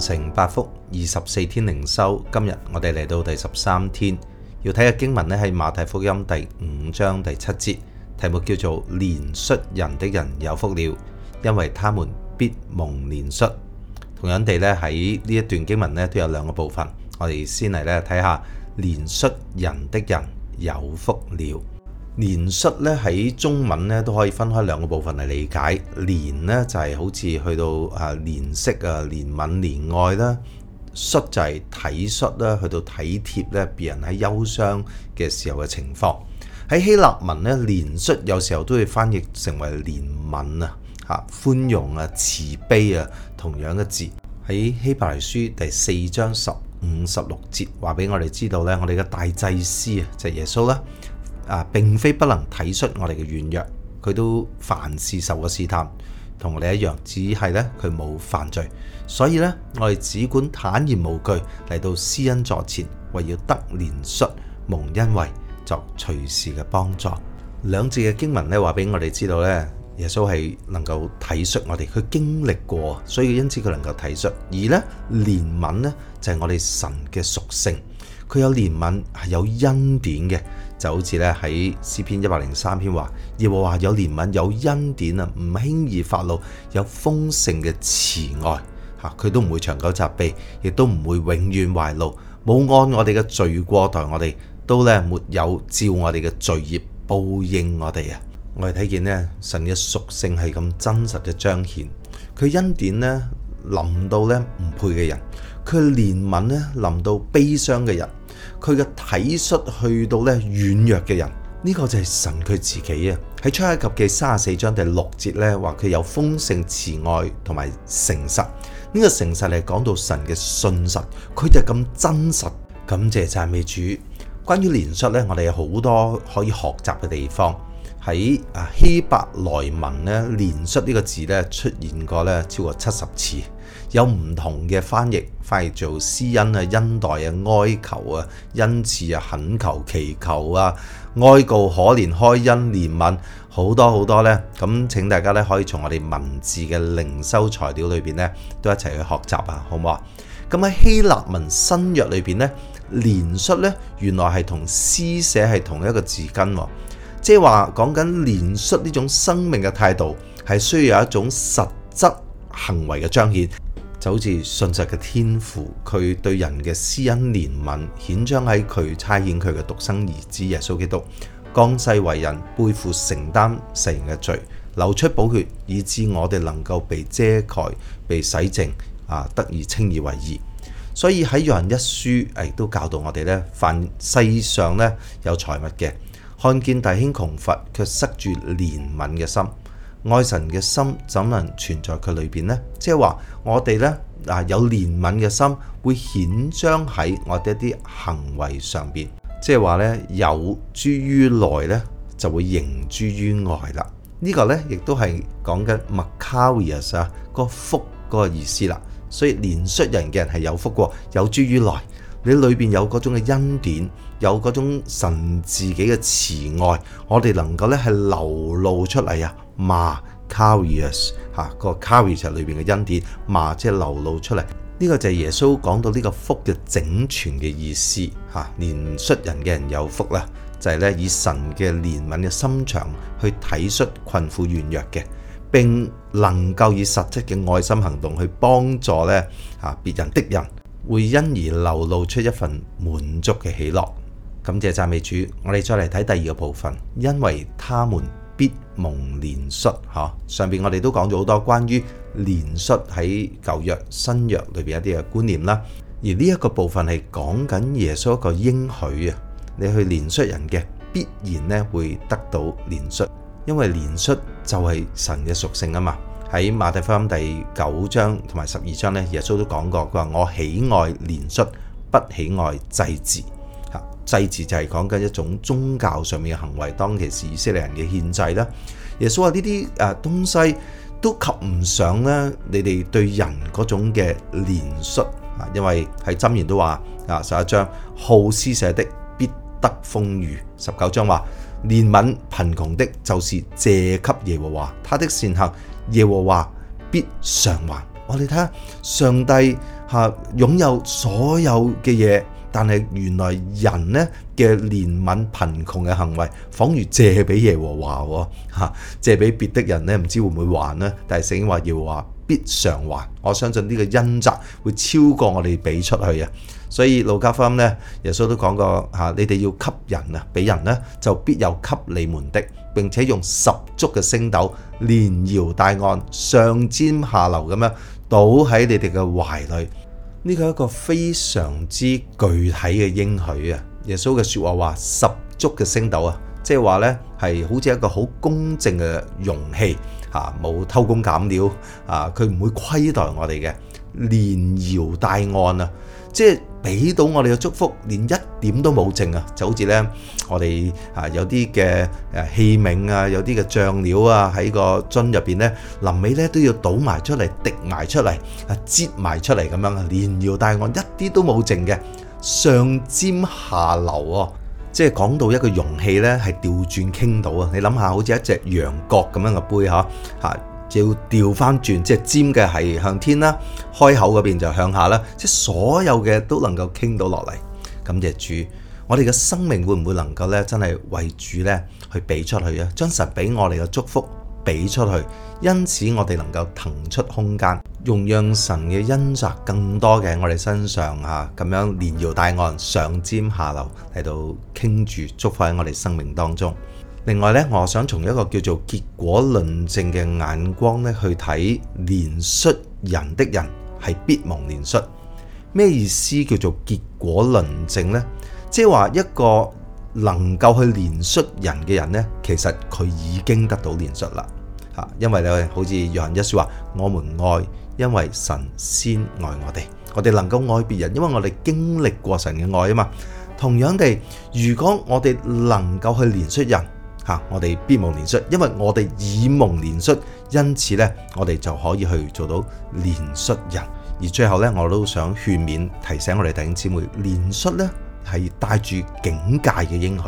承八福二十四天靈修，今日我哋嚟到第十三天，要睇嘅經文呢係馬太福音第五章第七節，題目叫做憐恤人的人有福了！因為他們必蒙憐恤。同樣地呢，喺呢一段經文呢都有兩個部分，我哋先嚟呢睇下憐恤人的人有福了。憐恤咧喺中文咧都可以分開兩個部分嚟理解，憐呢，就係、是、好似去到啊憐惜啊憐憫憐愛啦，恤就係體恤啦，去到體貼咧別人喺憂傷嘅時候嘅情況。喺希臘文咧憐恤有時候都會翻譯成為憐憫啊吓寬容啊慈悲啊同樣嘅字。喺希伯來書第四章十五十六節話俾我哋知道咧，我哋嘅大祭司啊就係、是、耶穌啦。啊，並非不能體恤我哋嘅軟弱，佢都凡事受過試探，同我哋一樣，只係咧佢冇犯罪，所以咧我哋只管坦然無懼嚟到施恩座前，為要得憐恤、蒙恩惠，作隨時嘅幫助。兩字嘅經文咧話俾我哋知道咧，耶穌係能夠體恤我哋，佢經歷過，所以因此佢能夠體恤。而咧憐憫咧就係我哋神嘅屬性。佢有憐憫，係有恩典嘅，就好似咧喺詩篇一百零三篇話，耶和華有憐憫，有恩典啊，唔輕易發怒，有豐盛嘅慈愛，吓佢都唔會長久責備，亦都唔會永遠懷怒，冇按我哋嘅罪過待我哋，都咧沒有照我哋嘅罪孽報應我哋啊！我哋睇見呢，神嘅屬性係咁真實嘅彰顯，佢恩典呢，臨到咧唔配嘅人，佢憐憫呢，臨到悲傷嘅人。佢嘅體恤去到咧軟弱嘅人，呢、這個就係神佢自己啊！喺出埃及嘅三十四章第六節咧，話佢有豐盛慈愛同埋誠實。呢、這個誠實係講到神嘅信實，佢就咁真實。感謝讚美主。關於憐恤咧，我哋有好多可以學習嘅地方。喺啊希伯來文咧，憐恤呢個字咧出現過咧超過七十次。有唔同嘅翻譯，翻嚟做施恩啊、恩待，啊、哀求啊、恩賜啊、懇求、祈求啊、哀告、可憐、開恩憐憫、憐憫，好多好多呢。咁請大家呢，可以從我哋文字嘅靈修材料裏面呢，都一齊去學習啊，好唔好啊？咁喺希臘文新約裏面呢，憐恤呢，原來係同施捨係同一個字根，即係話講緊憐恤呢種生命嘅態度係需要有一種實質行為嘅彰顯。就好似信實嘅天父，佢對人嘅施恩憐憫，顯彰喺佢差遣佢嘅獨生兒子耶穌基督，降世為人，背負承擔世人嘅罪，流出寶血，以致我哋能夠被遮蓋、被洗淨，啊，得以稱義為義。所以喺約翰一書，也都教導我哋凡世上有財物嘅，看見弟兄窮乏，卻塞住憐憫嘅心，愛神嘅心怎能存在佢裏邊呢？即係話我哋咧啊有憐憫嘅心會顯彰喺我哋一啲行為上邊，即係話咧有諸於內咧就會形諸於外啦。這個、呢個咧亦都係講緊 Macarius 啊個福嗰個意思啦。所以憐恤人嘅人係有福，有諸於內，你裏邊有嗰種嘅恩典。有嗰種神自己嘅慈愛，我哋能夠咧係流露出嚟啊，罵 carious 嚇個 carious 裏邊嘅恩典，罵，即係流露出嚟。呢、這個就係耶穌講到呢個福嘅整全嘅意思嚇，憐恤人嘅人有福啦，就係、是、咧以神嘅憐憫嘅心腸去體恤困苦軟弱嘅，並能夠以實質嘅愛心行動去幫助咧嚇別人的人，會因而流露出一份滿足嘅喜樂。感謝讚美主，我哋再嚟睇第二個部分，因為他們必蒙憐恤。嚇，上面我哋都講咗好多關於憐恤喺舊約、新約裏邊一啲嘅觀念啦。而呢一個部分係講緊耶穌一個應許啊，你去憐恤人嘅，必然咧會得到憐恤，因為憐恤就係神嘅屬性啊嘛。喺馬太福音第九章同埋十二章咧，耶穌都講過，佢話：我喜愛憐恤，不喜愛祭祀。」細節就係講緊一種宗教上面嘅行為，當其時以色列人嘅限制啦。耶穌話呢啲誒東西都及唔上咧，你哋對人嗰種嘅憐恤啊，因為喺箴言都話啊，十一章好施捨的必得豐裕，十九章話憐憫貧窮的，就是借給耶和華，他的善行耶和華必償還。我哋睇下上帝吓擁有所有嘅嘢。但係原來人呢嘅憐憫貧窮嘅行為，仿如借俾耶和華，吓借俾別的人呢，唔知會唔會還呢？但係聖經話要話必償還，我相信呢個恩澤會超過我哋俾出去啊！所以路加福音咧，耶穌都講過，吓你哋要給人給人啊，俾人呢，就必有給你們的，並且用十足嘅星斗，連搖帶按，上尖下流咁樣倒喺你哋嘅懷裏。呢個係一個非常之具體嘅應許。耶穌嘅說話話十足嘅星斗啊，即係話呢係好似一個好公正嘅容器，沒冇偷工減料啊，佢唔會虧待我哋嘅。連搖帶按啊，即係俾到我哋嘅祝福，連一點都冇剩啊！就好似咧，我哋啊有啲嘅誒器皿啊，有啲嘅醬料啊，喺個樽入邊咧，臨尾咧都要倒埋出嚟，滴埋出嚟，啊擠埋出嚟咁樣啊，連搖帶按，一啲都冇剩嘅，上尖下流啊。即係講到一個容器咧，係調轉傾倒啊！你諗下，好似一隻羊角咁樣嘅杯嚇嚇。就要掉翻轉，即係尖嘅係向天啦，開口嗰邊就向下啦。即係所有嘅都能夠傾到落嚟。咁就主，我哋嘅生命會唔會能夠咧，真係為主咧去俾出去啊？將神俾我哋嘅祝福俾出去，因此我哋能夠騰出空間，用讓神嘅恩澤更多嘅我哋身上嚇，咁樣連搖帶按上尖下流嚟到傾住祝福喺我哋生命當中。另外咧，我想從一個叫做結果論證嘅眼光咧去睇，憐恤人的人係必蒙憐恤。咩意思叫做結果論證呢？即係話一個能夠去憐恤人嘅人呢，其實佢已經得到憐恤啦。吓，因為咧，好似約翰一書話：我們愛，因為神先愛我哋，我哋能夠愛別人，因為我哋經歷過神嘅愛啊嘛。同樣地，如果我哋能夠去憐恤人，啊！我哋必蒙憐恤，因為我哋已蒙憐恤。因此呢，我哋就可以去做到憐恤人。而最後呢，我都想勸勉提醒我哋弟兄姊妹，憐恤呢係帶住警戒嘅應許。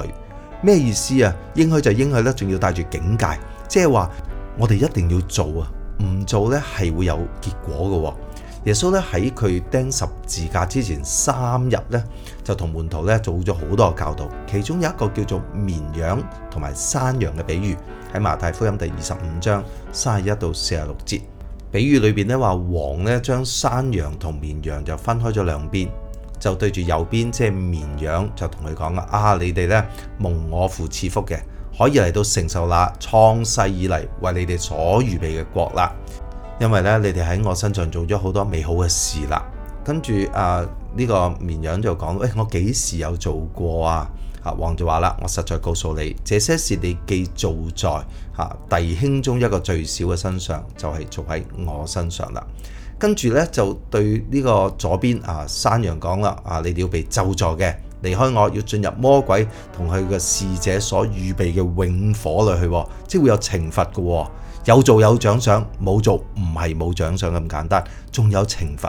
咩意思啊？應許就應許啦，仲要帶住警戒，即係話我哋一定要做啊！唔做呢係會有結果㗎。耶穌咧喺佢釘十字架之前三日咧，就同門徒咧做咗好多個教導，其中有一個叫做綿羊同埋山羊嘅比喻在，喺馬太福音第二十五章三十一到四十六節。比喻裏邊咧話，王咧將山羊同綿羊就分開咗兩邊，就對住右邊即係綿羊就同佢講啦，：啊，你哋咧蒙我父賜福嘅，可以嚟到承受啦，創世以嚟為你哋所預備嘅國啦。因為咧，你哋喺我身上做咗好多美好嘅事啦。跟住啊，呢、這個綿羊就講：喂，我幾時有做過啊？啊，王就話啦，我實在告訴你，這些事你既做在吓弟兄中一個最小嘅身上，就係、是、做喺我身上啦。跟住呢，就對呢個左邊啊山羊講啦：啊，你哋要被咒詛嘅，離開我，要進入魔鬼同佢嘅使者所預備嘅永火裏去，即係會有懲罰嘅。有做有獎賞，冇做唔係冇獎賞咁簡單，仲有懲罰。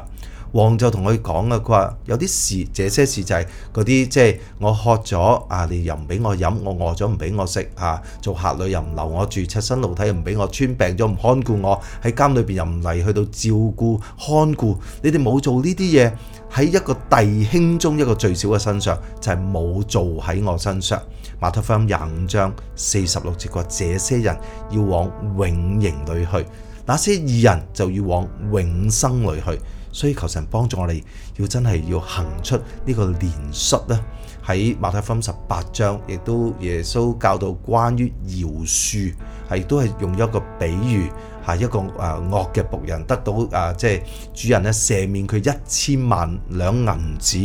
王就同佢講啊，佢話有啲事，這些事就係嗰啲即係我渴咗啊，你又唔俾我飲；我餓咗唔俾我食啊，做客旅又唔留我住，赤身露體又唔俾我穿，病咗唔看顧我喺監裏邊又唔嚟去到照顧看顧。你哋冇做呢啲嘢，喺一個弟兄中一個最小嘅身上，就係冇做喺我身上。馬太福音廿五章四十六節話：這些人要往永刑裏去，那些義人就要往永生裏去。所以求神幫助我哋，要真係要行出呢個憐恤啦。喺馬太福音十八章，亦都耶穌教導關於饒恕，係都係用一個比喻，係一個誒、呃、惡嘅僕人得到誒即係主人咧赦免佢一千萬兩銀子，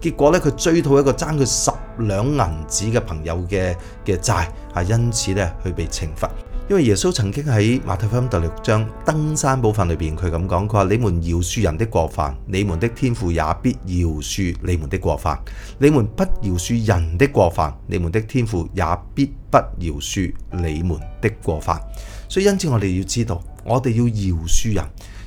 結果咧佢追討一個爭佢十兩銀子嘅朋友嘅嘅債啊，因此咧去被懲罰。因為耶穌曾經喺馬太福音第六章登山部分裏邊，佢咁講：佢話你們饒恕人的過犯，你們的天父也必饒恕你們的過犯；你們不饒恕人的過犯，你們的天父也必不饒恕你們的過犯。所以因此，我哋要知道，我哋要饒恕人，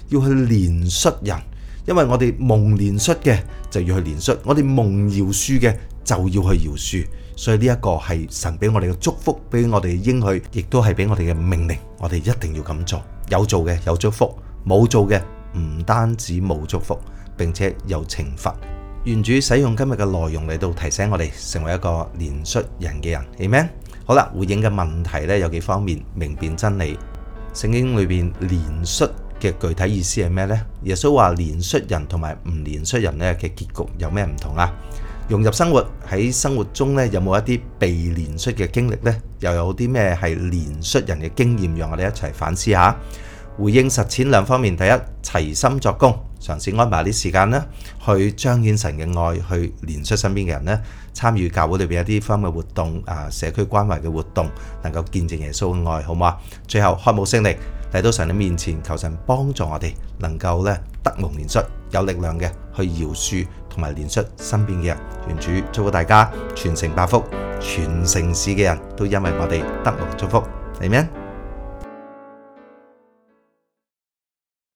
要去憐恤人，因為我哋蒙憐恤嘅就要去憐恤，我哋蒙饒恕嘅。就要去饒恕，所以呢一個係神俾我哋嘅祝福，俾我哋應許，亦都係俾我哋嘅命令，我哋一定要咁做。有做嘅有祝福，冇做嘅唔單止冇祝福，並且有懲罰。願主使用今日嘅內容嚟到提醒我哋成為一個憐恤人嘅人 a 咩？Amen? 好啦，回應嘅問題呢有幾方面，明辨真理。聖經裏邊憐恤嘅具體意思係咩呢？耶穌話憐恤人同埋唔憐恤人呢嘅結局有咩唔同啊？融入生活，喺生活中咧，有冇一啲被憐恤嘅經歷呢？又有啲咩係憐恤人嘅經驗，讓我哋一齊反思一下。回應實踐兩方面，第一齊心作工，嘗試安排啲時間呢，去彰顯神嘅愛，去憐恤身邊嘅人呢，參與教會裏邊一啲方嘅活動，啊，社區關懷嘅活動，能夠見證耶穌嘅愛，好唔好啊？最後開幕聖靈嚟到神嘅面前，求神幫助我哋能夠咧得蒙憐恤。有力量嘅去饒恕同埋憐恤身邊嘅人，願主祝福大家全城百福，全城市嘅人都因為我哋得蒙祝福，阿門。